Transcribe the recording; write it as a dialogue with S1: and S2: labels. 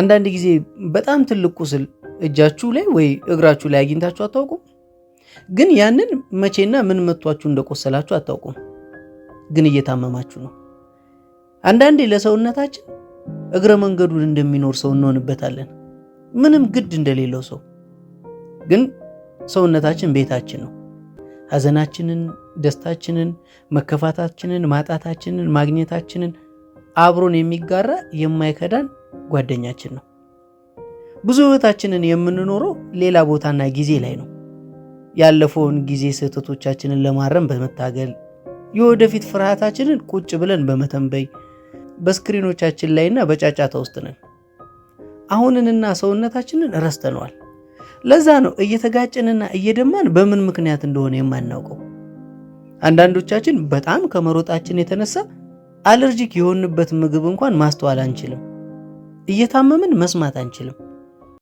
S1: አንዳንድ ጊዜ በጣም ትልቅ ቁስል እጃችሁ ላይ ወይ እግራችሁ ላይ አግኝታችሁ አታውቁም? ግን ያንን መቼና ምን መቷችሁ እንደቆሰላችሁ አታውቁም፣ ግን እየታመማችሁ ነው። አንዳንዴ ለሰውነታችን እግረ መንገዱን እንደሚኖር ሰው እንሆንበታለን፣ ምንም ግድ እንደሌለው ሰው። ግን ሰውነታችን ቤታችን ነው። ሐዘናችንን፣ ደስታችንን፣ መከፋታችንን፣ ማጣታችንን፣ ማግኘታችንን አብሮን የሚጋራ የማይከዳን ጓደኛችን ነው። ብዙ ህይወታችንን የምንኖረው ሌላ ቦታና ጊዜ ላይ ነው። ያለፈውን ጊዜ ስህተቶቻችንን ለማረም በመታገል የወደፊት ፍርሃታችንን ቁጭ ብለን በመተንበይ በስክሪኖቻችን ላይና በጫጫታ ውስጥ ነን። አሁንንና ሰውነታችንን ረስተነዋል። ለዛ ነው እየተጋጨንና እየደማን በምን ምክንያት እንደሆነ የማናውቀው። አንዳንዶቻችን በጣም ከመሮጣችን የተነሳ አለርጂክ የሆንበት ምግብ እንኳን ማስተዋል አንችልም። እየታመምን መስማት አንችልም።